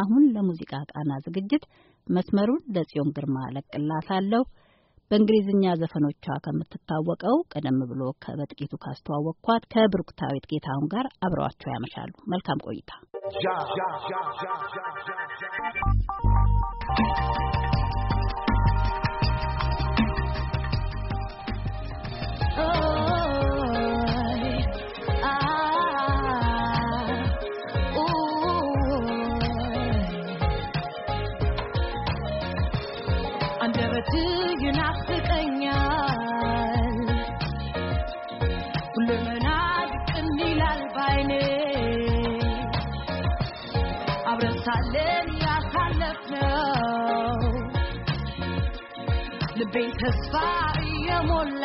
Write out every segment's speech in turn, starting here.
አሁን ለሙዚቃ ቃና ዝግጅት መስመሩን ለጽዮን ግርማ ለቅላሳለሁ። በእንግሊዝኛ ዘፈኖቿ ከምትታወቀው ቀደም ብሎ በጥቂቱ ካስተዋወቅኳት ከብሩክታዊት ጌታሁን ጋር አብረዋቸው ያመሻሉ። መልካም ቆይታ። ልቤ ተስፋ የሞላ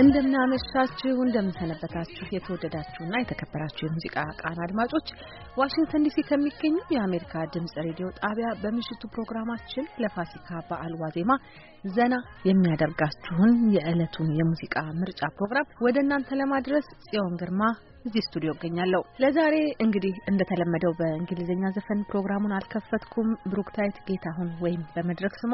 እንደምናመሻችሁ እንደምንሰነበታችሁ የተወደዳችሁና የተከበራችሁ የሙዚቃ ቃና አድማጮች ዋሽንግተን ዲሲ ከሚገኙ የአሜሪካ ድምጽ ሬዲዮ ጣቢያ በምሽቱ ፕሮግራማችን ለፋሲካ በዓል ዋዜማ ዘና የሚያደርጋችሁን የዕለቱን የሙዚቃ ምርጫ ፕሮግራም ወደ እናንተ ለማድረስ ጽዮን ግርማ እዚህ ስቱዲዮ እገኛለሁ። ለዛሬ እንግዲህ እንደተለመደው በእንግሊዝኛ ዘፈን ፕሮግራሙን አልከፈትኩም። ብሩክታይት ጌታሁን ወይም በመድረክ ስሟ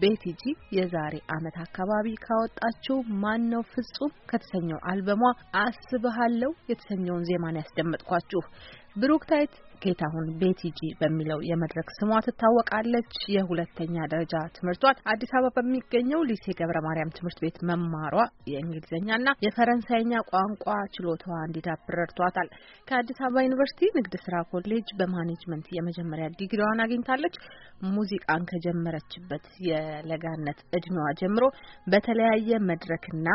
ቤቲጂ የዛሬ ዓመት አካባቢ ካወጣችው ማን ነው ፍጹም ከተሰኘው አልበሟ አስብሃለው የተሰኘውን ዜማን ያስደመጥኳችሁ። ብሩክታይት ጌታሁን ቤቲጂ በሚለው የመድረክ ስሟ ትታወቃለች። የሁለተኛ ደረጃ ትምህርቷን አዲስ አበባ በሚገኘው ሊሴ ገብረ ማርያም ትምህርት ቤት መማሯ የእንግሊዝኛና የፈረንሳይኛ ቋንቋ ችሎታዋ እንዲዳብር ረድቷታል። ከአዲስ አበባ ዩኒቨርሲቲ ንግድ ስራ ኮሌጅ በማኔጅመንት የመጀመሪያ ዲግሪዋን አግኝታለች። ሙዚቃን ከጀመረችበት የለጋነት እድሜዋ ጀምሮ በተለያየ መድረክና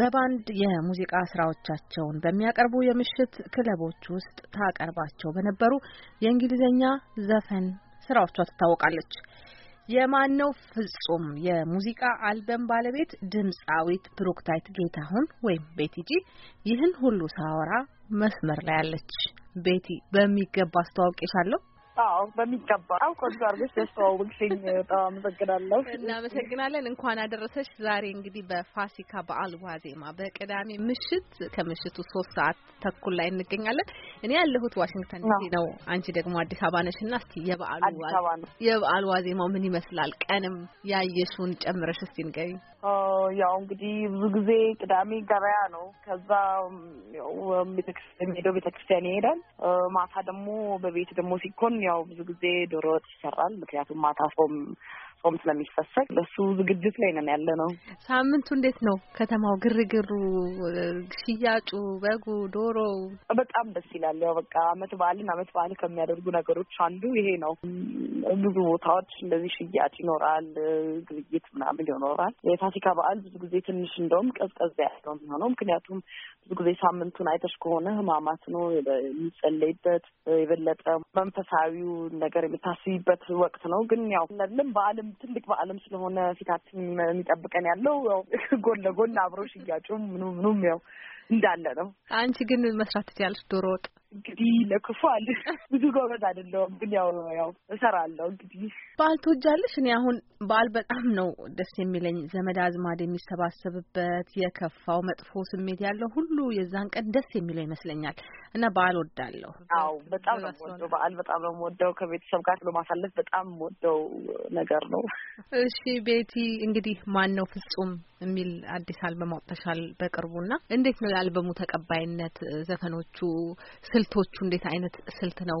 በባንድ የሙዚቃ ስራዎቻቸውን በሚያቀርቡ የምሽት ክለቦች ውስጥ ታቀርባቸው በነበሩ የእንግሊዝኛ ዘፈን ስራዎቿ ትታወቃለች። የማነው ፍጹም የሙዚቃ አልበም ባለቤት ድምፃዊት ብሩክታይት ጌታሁን ወይም ቤቲጂ ይህን ሁሉ ሳወራ መስመር ላይ አለች። ቤቲ በሚገባ አስተዋውቄሻለሁ። አዎ በሚገባ ቆንጆ አድርገሽ ያስተዋወቅሽኝ። በጣም አመሰግናለሁ። እናመሰግናለን። እንኳን አደረሰሽ። ዛሬ እንግዲህ በፋሲካ በዓል ዋዜማ በቅዳሜ ምሽት ከምሽቱ ሶስት ሰዓት ተኩል ላይ እንገኛለን። እኔ ያለሁት ዋሽንግተን ዲሲ ነው፣ አንቺ ደግሞ አዲስ አበባ ነሽ እና እስቲ የበዓሉ የበዓል ዋዜማው ምን ይመስላል? ቀንም ያየሽውን ጨምረሽ እስቲ ንገሪኝ። ያው እንግዲህ ብዙ ጊዜ ቅዳሜ ገበያ ነው። ከዛ ሄደው ቤተክርስቲያን ይሄዳል። ማታ ደግሞ በቤት ደግሞ ሲኮን ያው ብዙ ጊዜ ዶሮ ወጥ ይሰራል። ምክንያቱም ማታ ሰውም ጾም ስለሚፈሰግ በሱ ዝግጅት ላይ ነን ያለ ነው። ሳምንቱ እንዴት ነው ከተማው? ግርግሩ፣ ሽያጩ፣ በጉ፣ ዶሮ በጣም ደስ ይላል። ያው በቃ አመት በዓልን አመት በዓል ከሚያደርጉ ነገሮች አንዱ ይሄ ነው። ብዙ ቦታዎች እንደዚህ ሽያጭ ይኖራል፣ ግብይት ምናምን ይኖራል። የፋሲካ በዓል ብዙ ጊዜ ትንሽ እንደውም ቀዝቀዝ ያለው የሚሆነው ምክንያቱም ብዙ ጊዜ ሳምንቱን አይተሽ ከሆነ ህማማት ነው የሚጸለይበት የበለጠ መንፈሳዊው ነገር የምታስቢበት ወቅት ነው። ግን ያው ለም በዓልም ትልቅ በዓለም ስለሆነ ፊታችን የሚጠብቀን ያለው ያው ጎን ለጎን አብሮ ሽያጩም ምኑ ምኑም ያው እንዳለ ነው። አንቺ ግን መስራት ትችያለሽ ዶሮ ወጥ እንግዲህ ለክፉ አለ ብዙ ጎበዝ አይደለሁም፣ ግን ያው ያው እሰራለሁ። እንግዲህ በዓል ትወጃለሽ? እኔ አሁን በዓል በጣም ነው ደስ የሚለኝ። ዘመድ አዝማድ የሚሰባሰብበት የከፋው መጥፎ ስሜት ያለው ሁሉ የዛን ቀን ደስ የሚለው ይመስለኛል እና በዓል ወዳለሁ። አዎ በጣም ነው የምወደው በዓል በጣም ነው የምወደው። ከቤተሰብ ጋር ብሎ ማሳለፍ በጣም የምወደው ነገር ነው። እሺ ቤቲ፣ እንግዲህ ማን ነው ፍጹም የሚል አዲስ አልበም አውጥተሻል በቅርቡና እንዴት ነው የአልበሙ ተቀባይነት? ዘፈኖቹ ስልቶቹ እንዴት አይነት ስልት ነው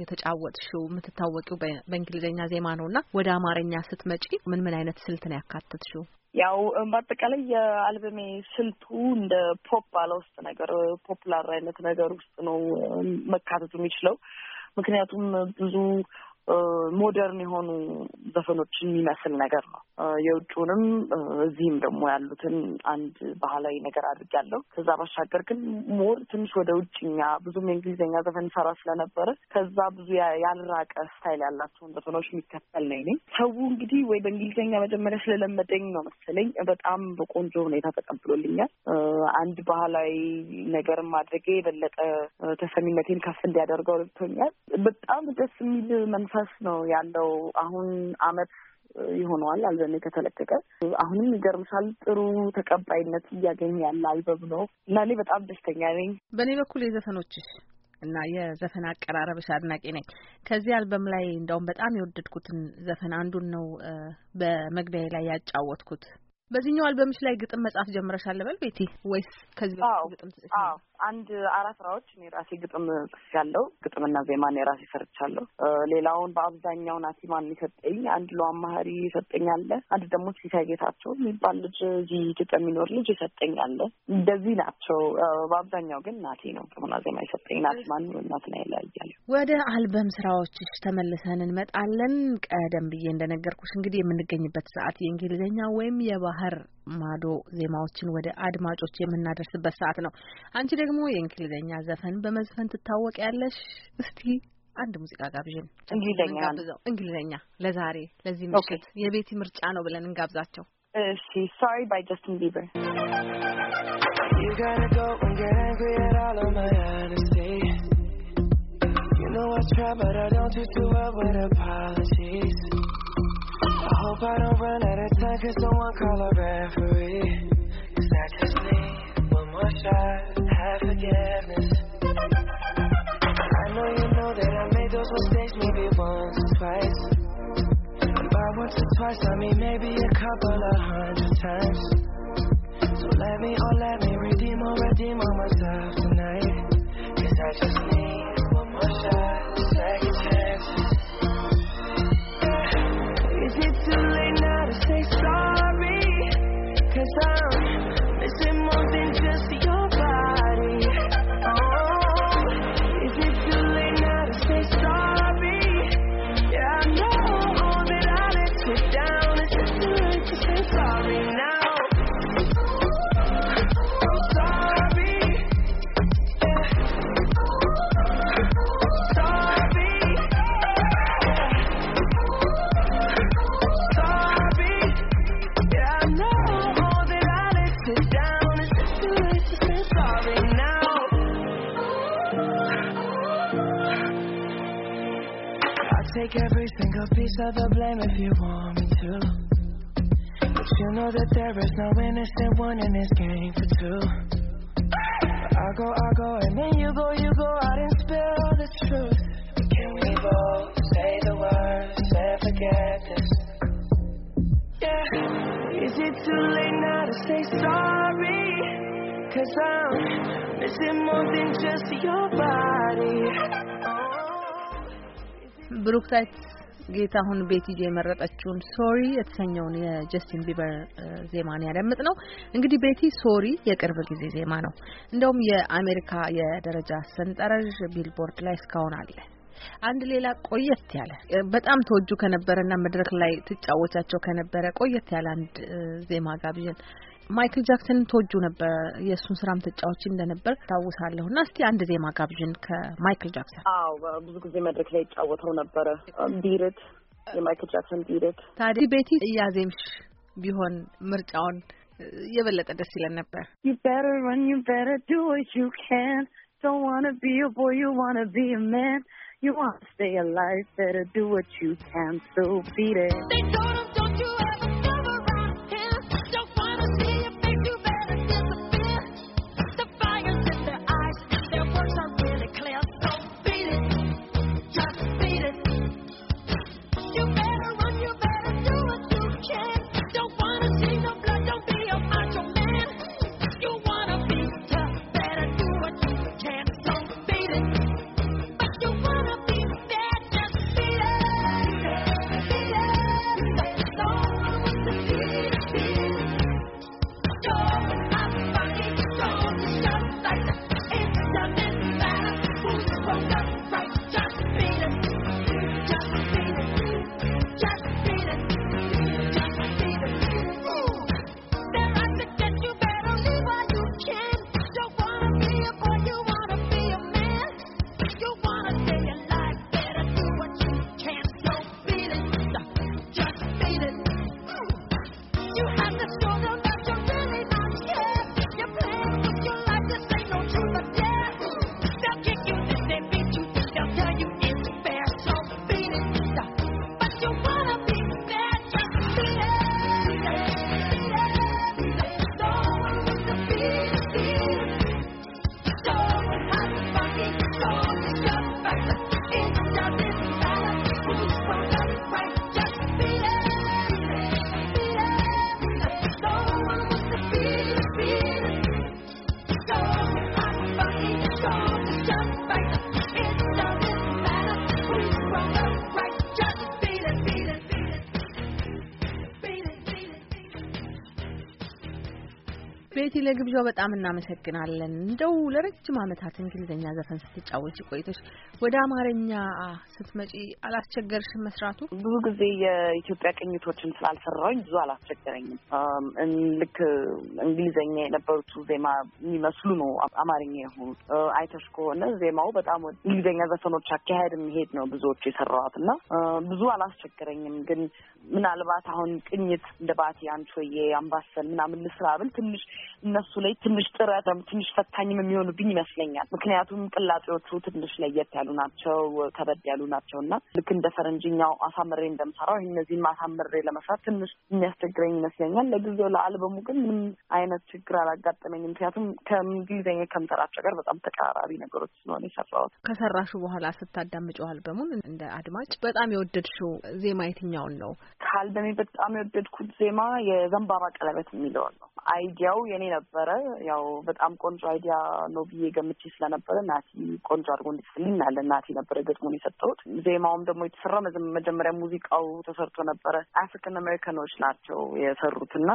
የተጫወትሽው? የምትታወቂው በእንግሊዝኛ ዜማ ነው እና ወደ አማርኛ ስትመጪ ምን ምን አይነት ስልት ነው ያካተትሽው? ያው በአጠቃላይ የአልበሜ ስልቱ እንደ ፖፕ ባለ ውስጥ ነገር ፖፕላር አይነት ነገር ውስጥ ነው መካተቱ የሚችለው ምክንያቱም ብዙ ሞደርን የሆኑ ዘፈኖችን የሚመስል ነገር ነው። የውጭውንም እዚህም ደግሞ ያሉትን አንድ ባህላዊ ነገር አድርጌያለሁ። ከዛ ባሻገር ግን ሞር ትንሽ ወደ ውጭኛ ብዙም የእንግሊዝኛ ዘፈን ሰራ ስለነበረ ከዛ ብዙ ያልራቀ ስታይል ያላቸውን ዘፈኖች የሚከተል ነው። ሰው እንግዲህ ወይ በእንግሊዝኛ መጀመሪያ ስለለመደኝ ነው መሰለኝ በጣም በቆንጆ ሁኔታ ተቀብሎልኛል። አንድ ባህላዊ ነገር ማድረጌ የበለጠ ተሰሚነቴን ከፍ እንዲያደርገው ልብቶኛል። በጣም ደስ የሚል መንፈ ፕሮሰስ ነው ያለው። አሁን አመት ይሆነዋል አልበሜ ከተለቀቀ። አሁንም ይገርምሻል ጥሩ ተቀባይነት እያገኘ ያለ አልበም ነው እና እኔ በጣም ደስተኛ ነኝ። በእኔ በኩል የዘፈኖችሽ እና የዘፈን አቀራረብሽ አድናቂ ነኝ። ከዚህ አልበም ላይ እንደውም በጣም የወደድኩትን ዘፈን አንዱን ነው በመግቢያ ላይ ያጫወትኩት። በዚህኛው አልበምሽ ላይ ግጥም መጻፍ ጀምረሻል ልበል ቤቲ? ወይስ ከዚህ ግጥም አንድ አራት ስራዎች እኔ ራሴ ግጥም ያለው ግጥምና ዜማ እኔ ራሴ ሰርቻለሁ። ሌላውን በአብዛኛው ናቲማን የሰጠኝ አንድ ሎ አማህሪ የሰጠኝ አለ። አንድ ደግሞ ሲሳይ ጌታቸው የሚባል ልጅ እዚህ ግጥም የሚኖር ልጅ የሰጠኝ አለ። እንደዚህ ናቸው። በአብዛኛው ግን ናቴ ነው ግጥምና ዜማ የሰጠኝ። ናቲማን ና ይለያያል። ወደ አልበም ስራዎች ተመልሰን እንመጣለን። ቀደም ብዬ እንደነገርኩሽ እንግዲህ የምንገኝበት ሰዓት የእንግሊዝኛ ወይም የባህር ማዶ ዜማዎችን ወደ አድማጮች የምናደርስበት ሰዓት ነው። አንቺ ደግሞ የእንግሊዝኛ ዘፈን በመዝፈን ትታወቅ ያለሽ። እስቲ አንድ ሙዚቃ ጋብዥን። እንግሊዝኛ እንግሊዝኛ ለዛሬ ለዚህ ምሽት የቤቲ ምርጫ ነው ብለን እንጋብዛቸው። እሺ ሶሪ ባይ ጀስትን ቢበር But I don't just do it with apologies. I hope I don't run out of time. Cause someone call a referee. Cause I just need one more shot. have forgiveness. I know you know that I made those mistakes maybe once, twice. And by once or twice, I mean maybe a couple of hundred times. So let me, oh, let me redeem or redeem all myself tonight. Cause I just need. take every single piece of the blame if you want me to. But you know that there is no innocent one in this game for two. I go, I go, and then you go, you go out and spill the truth. Can we both say the words and forget this? Yeah. Is it too late now to say sorry? Cause I'm missing more than just your body. ብሩክታይት ጌታሁን ቤቲጂ የመረጠችውን ሶሪ የተሰኘውን የጀስቲን ቢበር ዜማን ያደምጥ ነው። እንግዲህ ቤቲ ሶሪ የቅርብ ጊዜ ዜማ ነው። እንደውም የአሜሪካ የደረጃ ሰንጠረዥ ቢልቦርድ ላይ እስካሁን አለ። አንድ ሌላ ቆየት ያለ በጣም ተወጁ ከነበረና መድረክ ላይ ትጫወቻቸው ከነበረ ቆየት ያለ አንድ ዜማ ጋብዥን ማይክል ጃክሰንን ተወጁ ነበር። የእሱን ስራም ተጫዎች እንደነበር ታውሳለሁ። እና እስቲ አንድ ዜማ ጋብዥን ከማይክል ጃክሰን። አዎ ብዙ ጊዜ መድረክ ላይ ይጫወተው ነበረ። ቢርት የማይክል ጃክሰን ቢርት። ታዲያ ቤቲ እያዜምሽ ቢሆን ምርጫውን የበለጠ ደስ ይለን ነበር። You better run, you better do what you can. Don't wanna be a boy, you wanna be a man. You wanna stay alive, better do what you can. So beat it. ግብዣው በጣም እናመሰግናለን። እንደው ለረጅም ዓመታት እንግሊዝኛ ዘፈን ስትጫወች ቆይተሽ ወደ አማርኛ ስትመጪ አላስቸገርሽም መስራቱ? ብዙ ጊዜ የኢትዮጵያ ቅኝቶችን ስላልሰራሁኝ ብዙ አላስቸገረኝም። ልክ እንግሊዝኛ የነበሩት ዜማ የሚመስሉ ነው አማርኛ የሆኑት። አይተሽ ከሆነ ዜማው በጣም እንግሊዝኛ ዘፈኖች አካሄድ የሚሄድ ነው ብዙዎቹ የሰራዋት እና ብዙ አላስቸገረኝም። ግን ምናልባት አሁን ቅኝት እንደ ባቲ አንቾዬ፣ አምባሰል ምናምን ልስራ ብል ትንሽ እነሱ ላይ ትንሽ ጥረትም ትንሽ ፈታኝም የሚሆኑብኝ ይመስለኛል። ምክንያቱም ቅላጤዎቹ ትንሽ ለየት ያሉ ናቸው፣ ከበድ ያሉ ናቸው እና ልክ እንደ ፈረንጅኛው አሳምሬ እንደምሰራው እነዚህም አሳምሬ ለመስራት ትንሽ የሚያስቸግረኝ ይመስለኛል። ለጊዜው ለአልበሙ ግን ምንም አይነት ችግር አላጋጠመኝም። ምክንያቱም ከእንግሊዝኛ ከምሰራቸው ጋር በጣም ተቀራራቢ ነገሮች ስለሆነ የሰራሁት። ከሰራሹ በኋላ ስታዳምጪው አልበሙን እንደ አድማጭ በጣም የወደድሽው ዜማ የትኛውን ነው? ከአልበሜ በጣም የወደድኩት ዜማ የዘንባባ ቀለበት የሚለውን ነው። አይዲያው የኔ ነበር ነበረ። ያው በጣም ቆንጆ አይዲያ ነው ብዬ ገምቼ ስለነበረ ናቲ ቆንጆ አድርጎ እንዲጽፍልኝ አለ ናቲ ነበረ ገጥሞን የሰጠሁት። ዜማውም ደግሞ የተሰራ መጀመሪያ ሙዚቃው ተሰርቶ ነበረ። አፍሪካን አሜሪካኖች ናቸው የሰሩት እና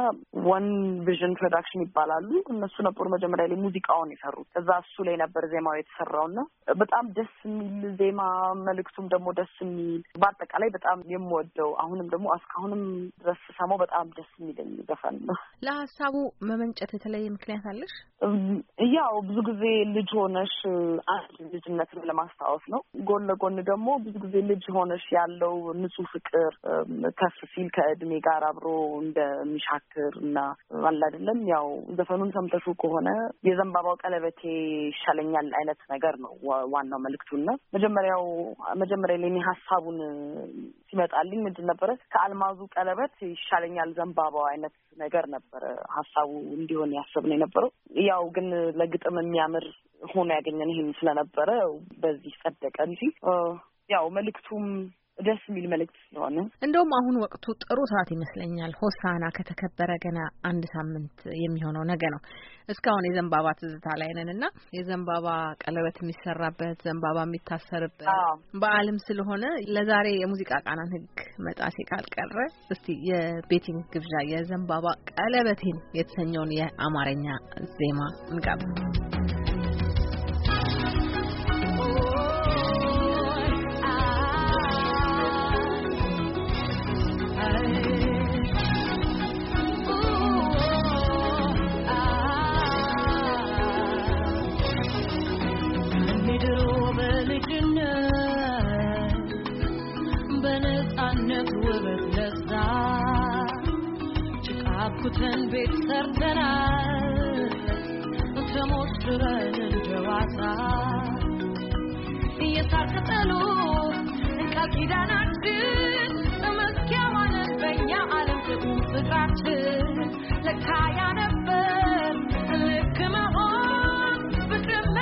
ወን ቪዥን ፕሮዳክሽን ይባላሉ እነሱ ነበሩ መጀመሪያ ላይ ሙዚቃውን የሰሩት። ከዛ እሱ ላይ ነበር ዜማው የተሰራው እና በጣም ደስ የሚል ዜማ፣ መልእክቱም ደግሞ ደስ የሚል በአጠቃላይ በጣም የምወደው አሁንም ደግሞ እስካሁንም ድረስ ሰማው በጣም ደስ የሚለኝ ዘፈን ነው። ለሀሳቡ መመንጨት የተለይም ምክንያት አለሽ? ያው ብዙ ጊዜ ልጅ ሆነሽ አንድ ልጅነትን ለማስታወስ ነው። ጎን ለጎን ደግሞ ብዙ ጊዜ ልጅ ሆነሽ ያለው ንጹህ ፍቅር ከፍ ሲል ከእድሜ ጋር አብሮ እንደሚሻክር እና አለ አይደለም ያው ዘፈኑን ሰምተሹ ከሆነ የዘንባባው ቀለበቴ ይሻለኛል አይነት ነገር ነው ዋናው መልእክቱና መጀመሪያው መጀመሪያ ላይ እኔ ሀሳቡን ሲመጣልኝ ምንድን ነበረ ከአልማዙ ቀለበት ይሻለኛል ዘንባባው አይነት ነገር ነበረ ሀሳቡ እንዲሆን ያሰብነው የነበረው። ያው ግን ለግጥም የሚያምር ሆኖ ያገኘን ይህን ስለነበረ በዚህ ጸደቀ እንጂ ያው መልእክቱም ደስ የሚል መልእክት ስለሆነ እንደውም አሁን ወቅቱ ጥሩ ሰዓት ይመስለኛል። ሆሳና ከተከበረ ገና አንድ ሳምንት የሚሆነው ነገ ነው። እስካሁን የዘንባባ ትዝታ ላይ ነን እና የዘንባባ ቀለበት የሚሰራበት ዘንባባ የሚታሰርበት በዓልም ስለሆነ ለዛሬ የሙዚቃ ቃናን ህግ መጣሴ ካልቀረ እስቲ የቤቲን ግብዣ የዘንባባ ቀለበቴን የተሰኘውን የአማርኛ ዜማ እንጋብዝ። ኪዳናችን ተመስኪያው በኛ ዓለም ጥቁም ፍቅራችን ለካ ያነበር ልክ መሆን ፍቅር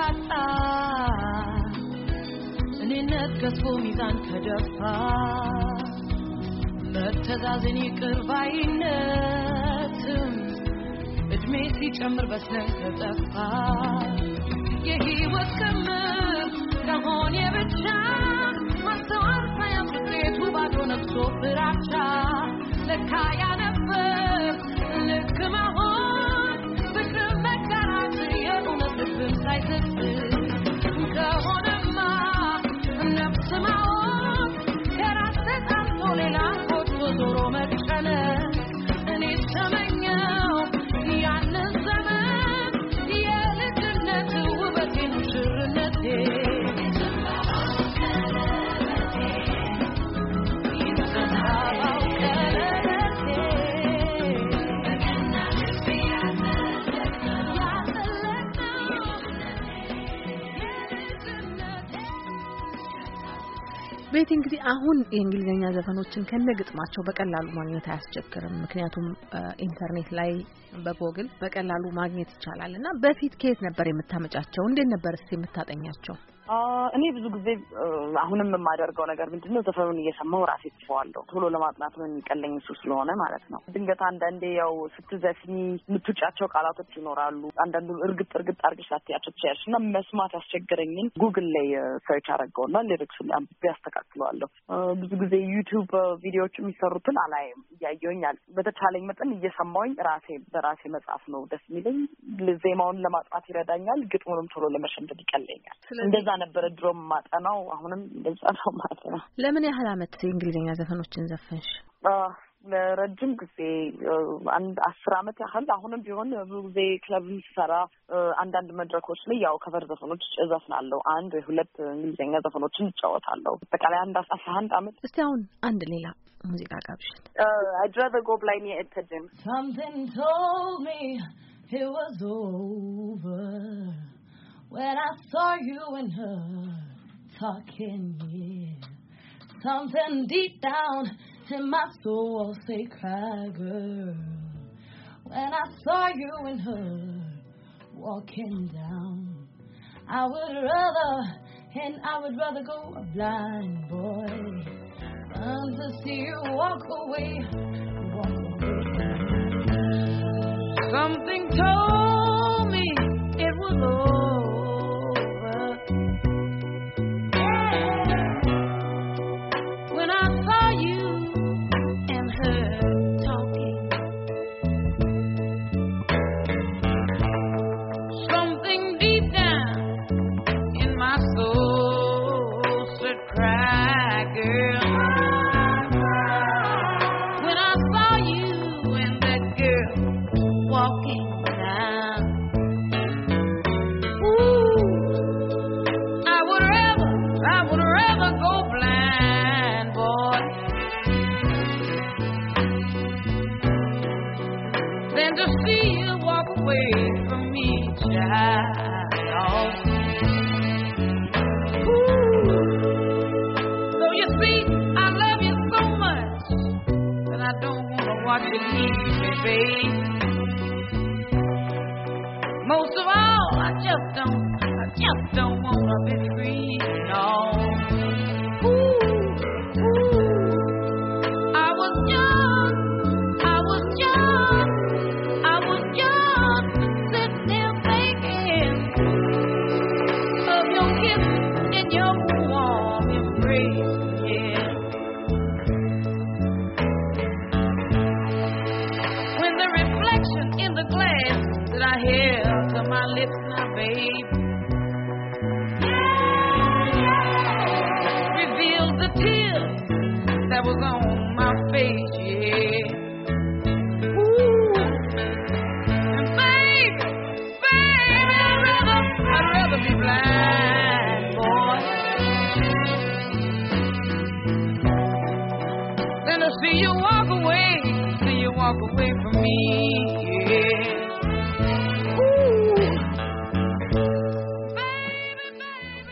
ካጣ እኔነት ገዝፎ ሚዛን ከደፋ መተዛዘን ይቅርባይነትም እድሜ ሲጨምር በስለን ከጠፋ የህይወት ክምር ከሆን የብቻ ማስተዋል ሳያንስ ቤቱ ባዶ ነግሶ ፍራቻ ለካ ያነበር ልክ መሆን ቤት እንግዲህ አሁን የእንግሊዝኛ ዘፈኖችን ግጥማቸው በቀላሉ ማግኘት አያስቸግርም። ምክንያቱም ኢንተርኔት ላይ በጎግል በቀላሉ ማግኘት ይቻላል እና በፊት ከየት ነበር የምታመጫቸው? እንዴት ነበር እስቲ የምታጠኛቸው? እኔ ብዙ ጊዜ አሁንም የማደርገው ነገር ምንድን ነው ዘፈኑን እየሰማው ራሴ ጽፈዋለሁ። ቶሎ ለማጥናት ነው የሚቀለኝ እሱ ስለሆነ ማለት ነው። ድንገት አንዳንዴ ያው ስትዘፍኒ የምትውጫቸው ቃላቶች ይኖራሉ። አንዳንዱ እርግጥ እርግጥ አድርገሽ ላትያቸው ትችያለሽ እና መስማት ያስቸግረኝን ጉግል ላይ ሰርች አደረገውና ሌሎች ላይ አንብቤ ያስተካክለዋለሁ። ብዙ ጊዜ ዩቲዩብ ቪዲዮዎች የሚሰሩትን አላይም። እያየሁኝ በተቻለኝ መጠን እየሰማውኝ ራሴ በራሴ መጽሐፍ ነው ደስ የሚለኝ። ዜማውን ለማጥናት ይረዳኛል። ግጥሙንም ቶሎ ለመሸምደድ ይቀለኛል። እንደዛ ነበረ ድሮም ማጠናው፣ አሁንም እንደዛ ነው ማጠናው። ለምን ያህል አመት የእንግሊዝኛ ዘፈኖችን ዘፈንሽ? ለረጅም ጊዜ አንድ አስር አመት ያህል አሁንም ቢሆን ብዙ ጊዜ ክለብ ስሰራ አንዳንድ መድረኮች ላይ ያው ከበር ዘፈኖች እዘፍናለሁ። አንድ ወይ ሁለት እንግሊዝኛ ዘፈኖችን እጫወታለሁ። አጠቃላይ አንድ አስራ አንድ አመት። እስቲ አሁን አንድ ሌላ ሙዚቃ ጋብዥን። I'd rather go blind yet Something told me it was over When I saw you and her talking, yeah. Something deep down in my soul say, cry, girl. When I saw you and her walking down, I would rather, and I would rather go a blind boy than to see you walk away, walk away. Something told me it was over. babe. Most of all, I just don't, I just don't want a baby.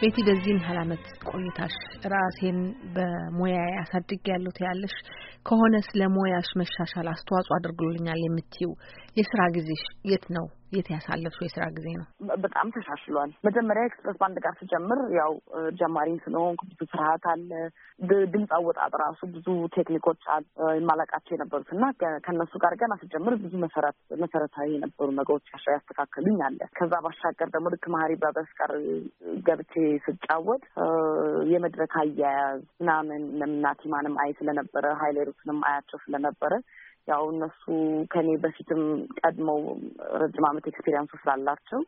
ቤቲ፣ በዚህን ያህል ዓመት ቆይታሽ ራሴን በሙያ ያሳድግ ያለሁት ያለሽ ከሆነ ስለ ሞያሽ መሻሻል አስተዋጽኦ አድርጎልኛል የምትይው የስራ ጊዜሽ የት ነው? የት ያሳለፍሽው የስራ ጊዜ ነው? በጣም ተሻሽሏል። መጀመሪያ ኤክስፕረስ ባንድ ጋር ስጀምር ያው ጀማሪን ስለሆንኩ ብዙ ፍርሃት አለ። ድምፅ አወጣጥ ራሱ ብዙ ቴክኒኮች የማላውቃቸው የነበሩት እና ከእነሱ ጋር ገና ስጀምር ብዙ መሰረታዊ የነበሩ ነገሮች ያሻ ያስተካከሉኝ አለ። ከዛ ባሻገር ደግሞ ልክ መሀሪ በበስ ጋር ገብቼ ስጫወት የመድረክ አያያዝ ምናምን ለምናቲማንም አይ ስለነበረ ሀይሌሩትንም አያቸው ስለነበረ ያው እነሱ ከኔ በፊትም ቀድመው ረጅም ዓመት ኤክስፔሪንሱ ስላላቸው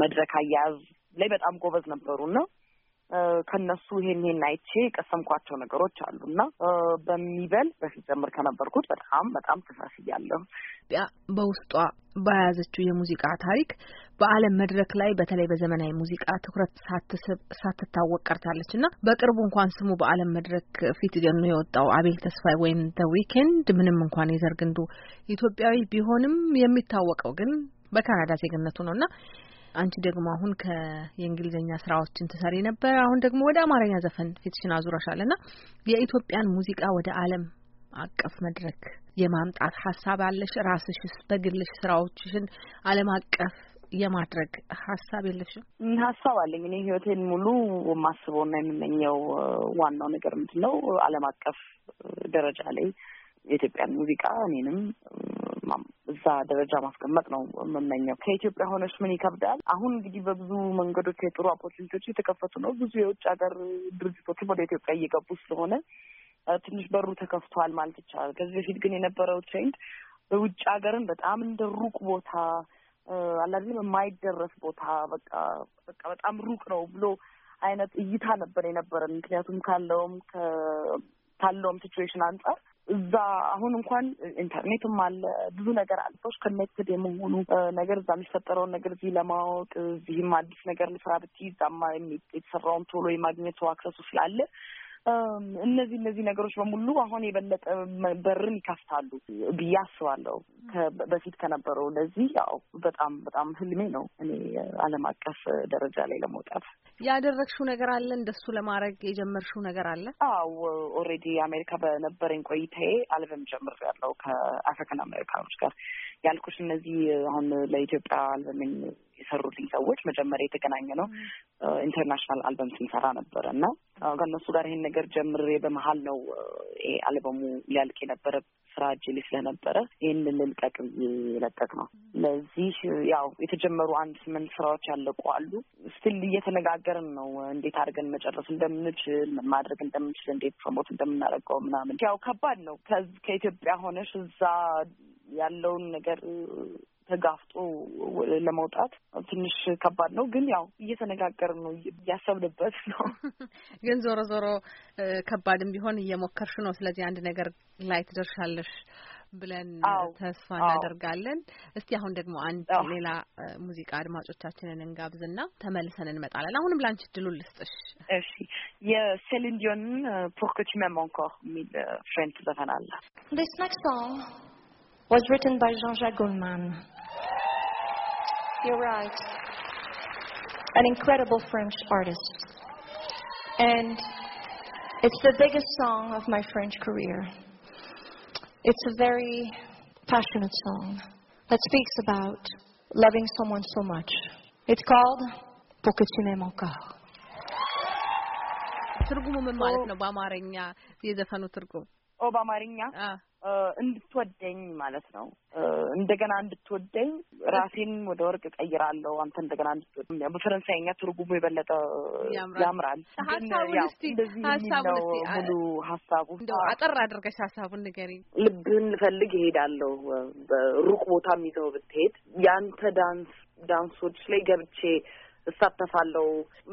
መድረክ አያያዝ ላይ በጣም ጎበዝ ነበሩና ከነሱ ይሄን ይሄን አይቼ የቀሰምኳቸው ነገሮች አሉ እና በሚበል በፊት ጀምር ከነበርኩት በጣም በጣም እያለሁ ኢትዮጵያ በውስጧ በያዘችው የሙዚቃ ታሪክ በዓለም መድረክ ላይ በተለይ በዘመናዊ ሙዚቃ ትኩረት ሳትስብ ሳትታወቅ ቀርታለች እና በቅርቡ እንኳን ስሙ በዓለም መድረክ ፊት ገኖ የወጣው አቤል ተስፋ ወይም ደ ዊኬንድ ምንም እንኳን የዘርግንዱ ኢትዮጵያዊ ቢሆንም የሚታወቀው ግን በካናዳ ዜግነቱ ነው እና አንቺ ደግሞ አሁን ከየእንግሊዝኛ ስራዎችን ትሰሪ ነበር። አሁን ደግሞ ወደ አማርኛ ዘፈን ፊትሽን አዙረሻል እና የኢትዮጵያን ሙዚቃ ወደ ዓለም አቀፍ መድረክ የማምጣት ሀሳብ አለሽ? ራስሽስ በግልሽ ስራዎችሽን ዓለም አቀፍ የማድረግ ሀሳብ የለሽም? ሀሳብ አለኝ። እኔ ህይወቴን ሙሉ የማስበውና የምመኘው ዋናው ነገር ምንድን ነው ዓለም አቀፍ ደረጃ ላይ የኢትዮጵያን ሙዚቃ እኔንም እዛ ደረጃ ማስቀመጥ ነው የምመኘው። ከኢትዮጵያ ሆነች ምን ይከብዳል? አሁን እንግዲህ በብዙ መንገዶች የጥሩ ኦፖርቹኒቲዎች የተከፈቱ ነው። ብዙ የውጭ ሀገር ድርጅቶችም ወደ ኢትዮጵያ እየገቡ ስለሆነ ትንሽ በሩ ተከፍቷል ማለት ይቻላል። ከዚህ በፊት ግን የነበረው ትሬንድ በውጭ ሀገርን በጣም እንደ ሩቅ ቦታ አላዚም የማይደረስ ቦታ በቃ በቃ በጣም ሩቅ ነው ብሎ አይነት እይታ ነበር የነበረን። ምክንያቱም ካለውም ካለውም ሲትዌሽን አንጻር እዛ አሁን እንኳን ኢንተርኔትም አለ ብዙ ነገር አለ። ሰዎች ከኔትድ የመሆኑ ነገር እዛ የሚፈጠረውን ነገር እዚህ ለማወቅ እዚህም አዲስ ነገር ልስራ ብትይ እዛማ የተሰራውን ቶሎ የማግኘቱ አክሰሱ ስላለ እነዚህ እነዚህ ነገሮች በሙሉ አሁን የበለጠ በርን ይከፍታሉ ብዬ አስባለሁ። በፊት ከነበረው ለዚህ ያው በጣም በጣም ህልሜ ነው እኔ ዓለም አቀፍ ደረጃ ላይ ለመውጣት። ያደረግሽው ነገር አለ እንደሱ ለማድረግ የጀመርሽው ነገር አለ? አዎ ኦልሬዲ አሜሪካ በነበረኝ ቆይታዬ አልበም ጀምሬያለሁ ከአፍሪካን አሜሪካኖች ጋር ያልኩሽ እነዚህ አሁን ለኢትዮጵያ አልበም የሰሩልኝ ሰዎች መጀመሪያ የተገናኘ ነው ኢንተርናሽናል አልበም ስንሰራ ነበረ እና ከእነሱ ጋር ይሄን ነገር ጀምሬ በመሀል ነው ይሄ አልበሙ ሊያልቅ የነበረ ስራ እጅ ስለነበረ ይህን ልልቀቅ የለቀቅ ነው። ለዚህ ያው የተጀመሩ አንድ ስምንት ስራዎች ያለቁ አሉ። ስትል እየተነጋገርን ነው እንዴት አድርገን መጨረስ እንደምንችል ማድረግ እንደምንችል እንዴት ፕሮሞት እንደምናደርገው ምናምን ያው ከባድ ነው ከኢትዮጵያ ሆነሽ እዛ ያለውን ነገር ተጋፍጦ ለመውጣት ትንሽ ከባድ ነው፣ ግን ያው እየተነጋገር ነው፣ እያሰብንበት ነው። ግን ዞሮ ዞሮ ከባድም ቢሆን እየሞከርሽ ነው። ስለዚህ አንድ ነገር ላይ ትደርሻለሽ ብለን ተስፋ እናደርጋለን። እስቲ አሁን ደግሞ አንድ ሌላ ሙዚቃ አድማጮቻችንን እንጋብዝና ተመልሰን እንመጣለን። አሁንም ለአንቺ እድሉን ልስጥሽ። እሺ፣ የሴሊን ዲዮንን ፖርክች መሞንኮር የሚል ፍሬንች ዘፈን አለ was written by Jean-Jacques Goldman. You're right. An incredible French artist. And it's the biggest song of my French career. It's a very passionate song that speaks about loving someone so much. It's called Pour que tu m'aimes encore. ትርጉሙ ምን ማለት ነው? በአማርኛ የዘፈኑ ትርጉም ኦ በአማርኛ እንድትወደኝ ማለት ነው። እንደገና እንድትወደኝ ራሴን ወደ ወርቅ እቀይራለሁ። አንተ እንደገና እንድትወደኝ በፈረንሳይኛ ትርጉሙ የበለጠ ያምራል። ሙሉ ሀሳቡ አጠር አድርገሽ ሀሳቡን ንገሪኝ። ልብህን ልፈልግ ይሄዳለሁ። ሩቅ ቦታ ይዘው ብትሄድ ያንተ ዳንስ ዳንሶች ላይ ገብቼ እሳተፋለሁ።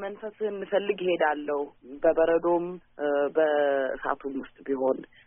መንፈስህን ልፈልግ ይሄዳለሁ። በበረዶም በእሳቱም ውስጥ ቢሆን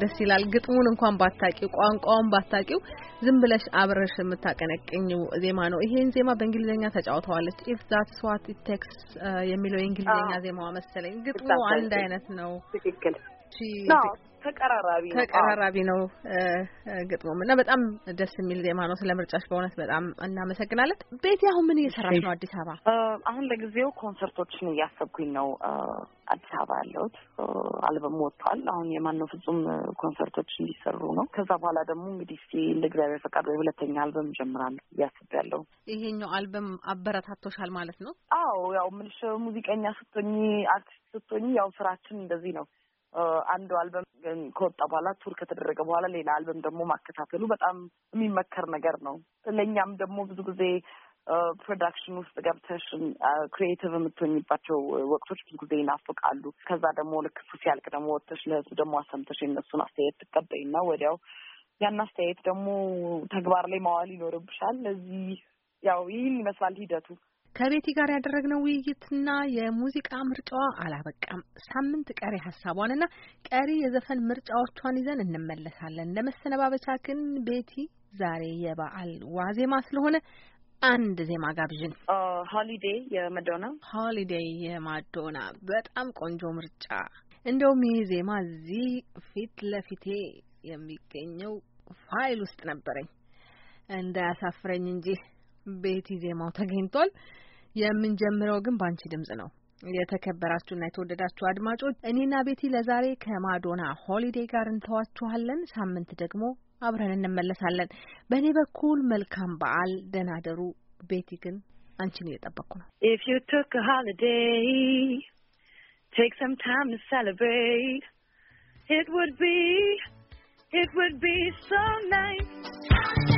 ደስ ይላል። ግጥሙን እንኳን ባታቂው፣ ቋንቋውን ባታቂው ዝም ብለሽ አብረሽ የምታቀነቅኝው ዜማ ነው። ይሄን ዜማ በእንግሊዝኛ ተጫውተዋለች። ኢፍ ዛት ስዋት ኢት ቴክስ የሚለው የእንግሊዝኛ ዜማዋ መሰለኝ። ግጥሙ አንድ አይነት ነው። ትክክል ነው። ተቀራራቢ ተቀራራቢ ነው ግጥሙም እና በጣም ደስ የሚል ዜማ ነው። ስለምርጫሽ በእውነት በጣም እናመሰግናለን። ቤቲ፣ አሁን ምን እየሰራሽ ነው አዲስ አበባ? አሁን ለጊዜው ኮንሰርቶችን እያሰብኩኝ ነው አዲስ አበባ ያለሁት። አልበም ወጥቷል። አሁን የማነው ፍጹም ኮንሰርቶች እንዲሰሩ ነው። ከዛ በኋላ ደግሞ እንግዲህ እስኪ እንደ እግዚአብሔር ፈቃድ ወይ ሁለተኛ አልበም ጀምራል እያስብ ያለው ይሄኛው አልበም አበረታቶሻል ማለት ነው? አዎ ያው ምልሽ ሙዚቀኛ ስትሆኚ አርቲስት ስትሆኚ ያው ስራችን እንደዚህ ነው አንዱ አልበም ከወጣ በኋላ ቱር ከተደረገ በኋላ ሌላ አልበም ደግሞ ማከታተሉ በጣም የሚመከር ነገር ነው። ለእኛም ደግሞ ብዙ ጊዜ ፕሮዳክሽን ውስጥ ገብተሽ ክሪኤቲቭ የምትሆኝባቸው ወቅቶች ብዙ ጊዜ ይናፍቃሉ። ከዛ ደግሞ ልክ እሱ ሲያልቅ ደግሞ ወጥተሽ ለህዝብ ደግሞ አሰምተሽ የነሱን አስተያየት ትቀበይና ወዲያው ያን አስተያየት ደግሞ ተግባር ላይ ማዋል ይኖርብሻል። ለዚህ ያው ይህን ይመስላል ሂደቱ። ከቤቲ ጋር ያደረግነው ውይይትና የሙዚቃ ምርጫዋ አላበቃም። ሳምንት ቀሪ ሀሳቧንና ቀሪ የዘፈን ምርጫዎቿን ይዘን እንመለሳለን። ለመሰነባበቻ ግን ቤቲ ዛሬ የበዓል ዋዜማ ስለሆነ አንድ ዜማ ጋብዥን። ሆሊዴይ የማዶና ሆሊዴይ የማዶና በጣም ቆንጆ ምርጫ። እንደውም ይህ ዜማ እዚህ ፊት ለፊቴ የሚገኘው ፋይል ውስጥ ነበረኝ እንዳያሳፍረኝ እንጂ ቤቲ ዜማው ተገኝቷል። የምንጀምረው ግን ባንቺ ድምጽ ነው። የተከበራችሁና የተወደዳችሁ አድማጮች እኔና ቤቲ ለዛሬ ከማዶና ሆሊዴ ጋር እንተዋችኋለን። ሳምንት ደግሞ አብረን እንመለሳለን። በእኔ በኩል መልካም በዓል፣ ደህና ደሩ። ቤቲ ግን አንቺን እየጠበቅኩ ነው። If you took a holiday, take some time to celebrate. It would be, it would be so nice.